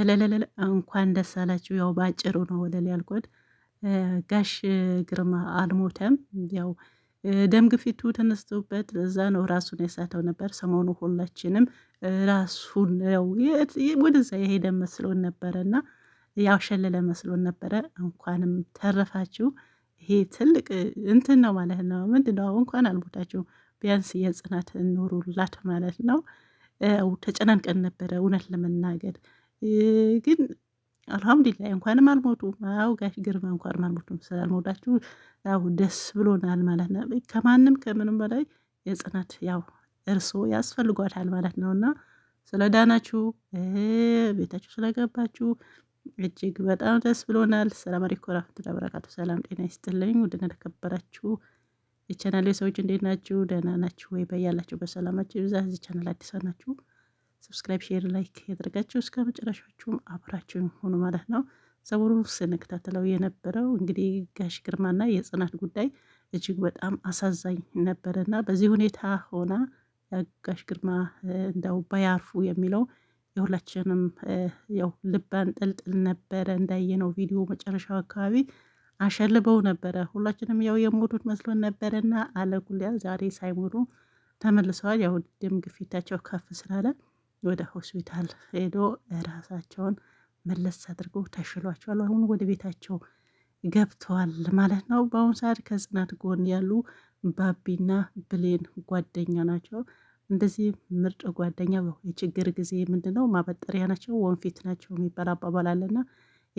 እለለለ እንኳን ደስ አላችሁ። ያው ባጭሩ ነው ወለል ያልኩት። ጋሽ ግርማ አልሞተም። ያው ደም ግፊቱ ተነስቶበት እዛ ነው ራሱን የሳተው ነበር። ሰሞኑ ሁላችንም ራሱን ያው ወደዛ የሄደ መስሎን ነበረ እና ሸለለ መስሎን ነበረ። እንኳንም ተረፋችሁ። ይሄ ትልቅ እንትን ነው ማለት ነው። ምንድን ነው እንኳን አልሞታችሁ፣ ቢያንስ የጽናት ኑሩላት ማለት ነው። ተጨናንቀን ነበረ እውነት ለመናገር ግን አልሐምዱሊላህ እንኳንም አልሞቱም። አዎ ጋሽ ግርማ እንኳንም አልሞቱም። ስላልሞታችሁ ያው ደስ ብሎናል ማለት ነው። ከማንም ከምንም በላይ የጽናት ያው እርሶ ያስፈልጓታል ማለት ነው እና ስለ ዳናችሁ ቤታችሁ ስለገባችሁ እጅግ በጣም ደስ ብሎናል። ሰላም አለይኩም ወራህመቱላሂ ወበረካቱ። ሰላም ጤና ይስጥልኝ። ውድና ተከበራችሁ የቻናሌ ሰዎች እንዴት ናችሁ? ደህና ናችሁ ወይ? በያላችሁ በሰላማችሁ ይብዛ። እዚህ ቻናል አዲስ ናችሁ ሰብስክራይብ፣ ሼር፣ ላይክ ያደርጋችሁ እስከ መጨረሻችሁም አብራችሁ ሆኑ ማለት ነው። ሰሞኑን ስንከታተለው የነበረው እንግዲህ ጋሽ ግርማና የጽናት ጉዳይ እጅግ በጣም አሳዛኝ ነበረና በዚህ ሁኔታ ሆና ጋሽ ግርማ እንደው ባያርፉ የሚለው የሁላችንም ያው ልብ አንጠልጥል ነበረ። እንዳየነው ቪዲዮ መጨረሻው አካባቢ አሸልበው ነበረ። ሁላችንም ያው የሞቱት መስሎን ነበረና አለጉሊያ ዛሬ ሳይሞቱ ተመልሰዋል። ያው ደም ግፊታቸው ከፍ ስላለ ወደ ሆስፒታል ሄዶ ራሳቸውን መለስ አድርጎ ተሽሏቸዋል። አሁን ወደ ቤታቸው ገብተዋል ማለት ነው። በአሁኑ ሰዓት ከጽናት ጎን ያሉ ባቢና ብሌን ጓደኛ ናቸው። እንደዚህ ምርጥ ጓደኛ የችግር ጊዜ ምንድን ነው ማበጠሪያ ናቸው፣ ወንፊት ናቸው የሚባል አባባል አለና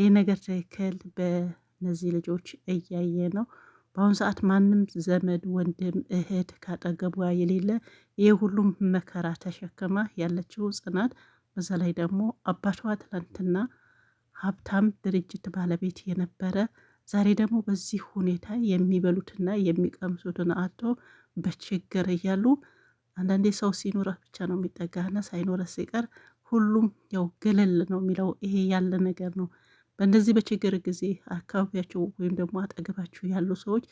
ይህ ነገር ትክክል በነዚህ ልጆች እያየ ነው። በአሁኑ ሰዓት ማንም ዘመድ፣ ወንድም፣ እህት ካጠገቧ የሌለ ይህ ሁሉም መከራ ተሸክማ ያለችው ጽናት፣ በዛ ላይ ደግሞ አባቷ ትናንትና ሀብታም ድርጅት ባለቤት የነበረ ዛሬ ደግሞ በዚህ ሁኔታ የሚበሉትና የሚቀምሱትን አቶ በችግር እያሉ አንዳንዴ ሰው ሲኖረህ ብቻ ነው የሚጠጋህና ሳይኖረህ ሲቀር ሁሉም ያው ገለል ነው የሚለው። ይሄ ያለ ነገር ነው። በእንደዚህ በችግር ጊዜ አካባቢያቸው ወይም ደግሞ አጠገባቸው ያሉ ሰዎች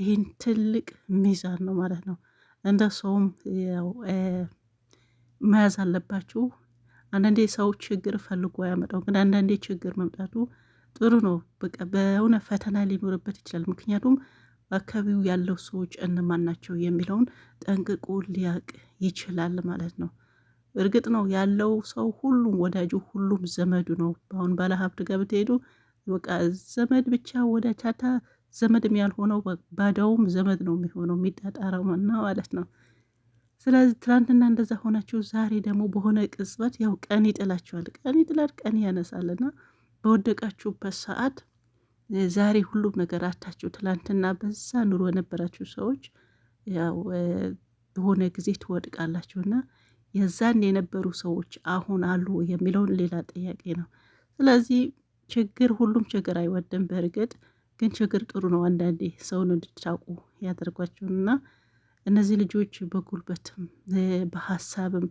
ይህን ትልቅ ሚዛን ነው ማለት ነው። እንደ ሰውም መያዝ አለባችሁ። አንዳንዴ ሰው ችግር ፈልጎ ያመጣው፣ ግን አንዳንዴ ችግር መምጣቱ ጥሩ ነው። በቃ በሆነ ፈተና ሊኖርበት ይችላል። ምክንያቱም በአካባቢው ያለው ሰዎች እነማን ናቸው የሚለውን ጠንቅቆ ሊያውቅ ይችላል ማለት ነው። እርግጥ ነው ያለው ሰው ሁሉም ወዳጁ ሁሉም ዘመዱ ነው። አሁን ባለሀብት ጋር ብትሄዱ በቃ ዘመድ ብቻ ወዳቻታ ዘመድም ያልሆነው ባዳውም ዘመድ ነው የሚሆነው የሚጣጣረው እና ማለት ነው። ስለዚህ ትናንትና እንደዛ ሆናችሁ ዛሬ ደግሞ በሆነ ቅጽበት ያው ቀን ይጥላችኋል። ቀን ይጥላል፣ ቀን ያነሳልና በወደቃችሁበት ሰዓት ዛሬ ሁሉም ነገር አታችሁ። ትላንትና በዛ ኑሮ የነበራችሁ ሰዎች ያው በሆነ ጊዜ ትወድቃላችሁና የዛን የነበሩ ሰዎች አሁን አሉ የሚለውን ሌላ ጥያቄ ነው። ስለዚህ ችግር ሁሉም ችግር አይወድም። በእርግጥ ግን ችግር ጥሩ ነው። አንዳንዴ ሰውን እንድታውቁ ያደርጓቸውና እነዚህ ልጆች በጉልበትም በሀሳብም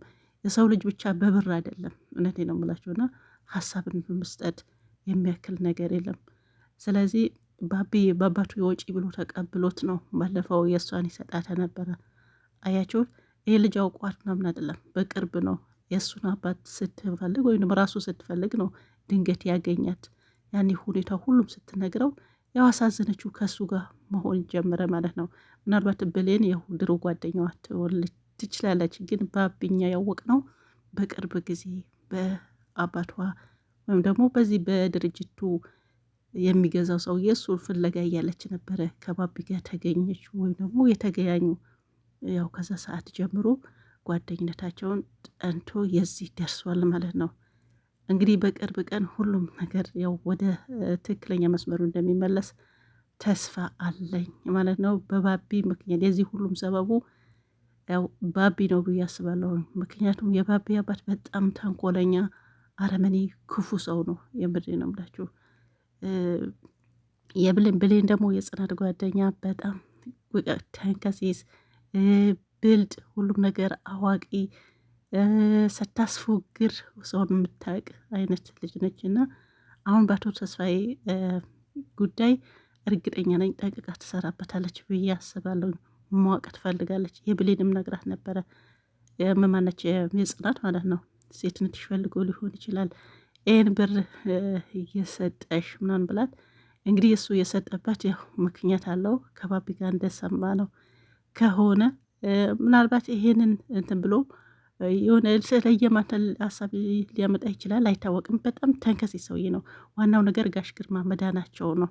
የሰው ልጅ ብቻ በብር አይደለም። እውነቴ ነው የምላቸውና ሀሳብን በመስጠት የሚያክል ነገር የለም። ስለዚህ ባቢ በአባቱ የወጪ ብሎ ተቀብሎት ነው ባለፈው የእሷን ይሰጣተ ነበረ አያቸውን ይህ ልጅ አውቋት ምናምን አይደለም፣ በቅርብ ነው የእሱን አባት ስትፈልግ ወይም ራሱ ስትፈልግ ነው ድንገት ያገኛት። ያኔ ሁኔታ ሁሉም ስትነግረው ያው አሳዘነችው። ከእሱ ጋር መሆን ጀመረ ማለት ነው። ምናልባት ብሌን ያው ድሮ ጓደኛዋ ትችላለች፣ ግን በአብኛ ያወቅ ነው በቅርብ ጊዜ በአባቷ ወይም ደግሞ በዚህ በድርጅቱ የሚገዛው ሰው የእሱ ፍለጋ እያለች ነበረ ከባቢ ጋር ተገኘች ወይም ደግሞ የተገያኙ ያው ከዛ ሰዓት ጀምሮ ጓደኝነታቸውን ጠንቶ የዚህ ደርሷል ማለት ነው። እንግዲህ በቅርብ ቀን ሁሉም ነገር ያው ወደ ትክክለኛ መስመሩ እንደሚመለስ ተስፋ አለኝ ማለት ነው። በባቢ ምክንያት የዚህ ሁሉም ሰበቡ ያው ባቢ ነው ብዬ አስባለሁ። ምክንያቱም የባቢ አባት በጣም ተንኮለኛ፣ አረመኔ፣ ክፉ ሰው ነው። የምድ ነው የምላችሁ። የብሌን ብሌን ደግሞ የጽናት ጓደኛ በጣም ተንከሲስ ብልጥ፣ ሁሉም ነገር አዋቂ፣ ስታስፎግር ሰውን የምታውቅ አይነት ልጅ ነች እና አሁን በአቶ ተስፋዬ ጉዳይ እርግጠኛ ነኝ ጠንቅቃ ትሰራበታለች ብዬ አስባለሁ። ማወቅ ትፈልጋለች። የብሌንም ነግራት ነበረ የመማነች የጽናት ማለት ነው ሴትነትሽ ፈልጎ ሊሆን ይችላል ይህን ብር እየሰጠሽ ምናምን ብላት እንግዲህ እሱ የሰጠበት ያው ምክንያት አለው ከባቢ ጋር እንደሰማ ነው። ከሆነ ምናልባት ይሄንን እንትን ብሎ የሆነ ስለየማተል ሀሳብ ሊያመጣ ይችላል፣ አይታወቅም። በጣም ተንከሴ ሰውዬ ነው። ዋናው ነገር ጋሽ ግርማ መዳናቸው ነው።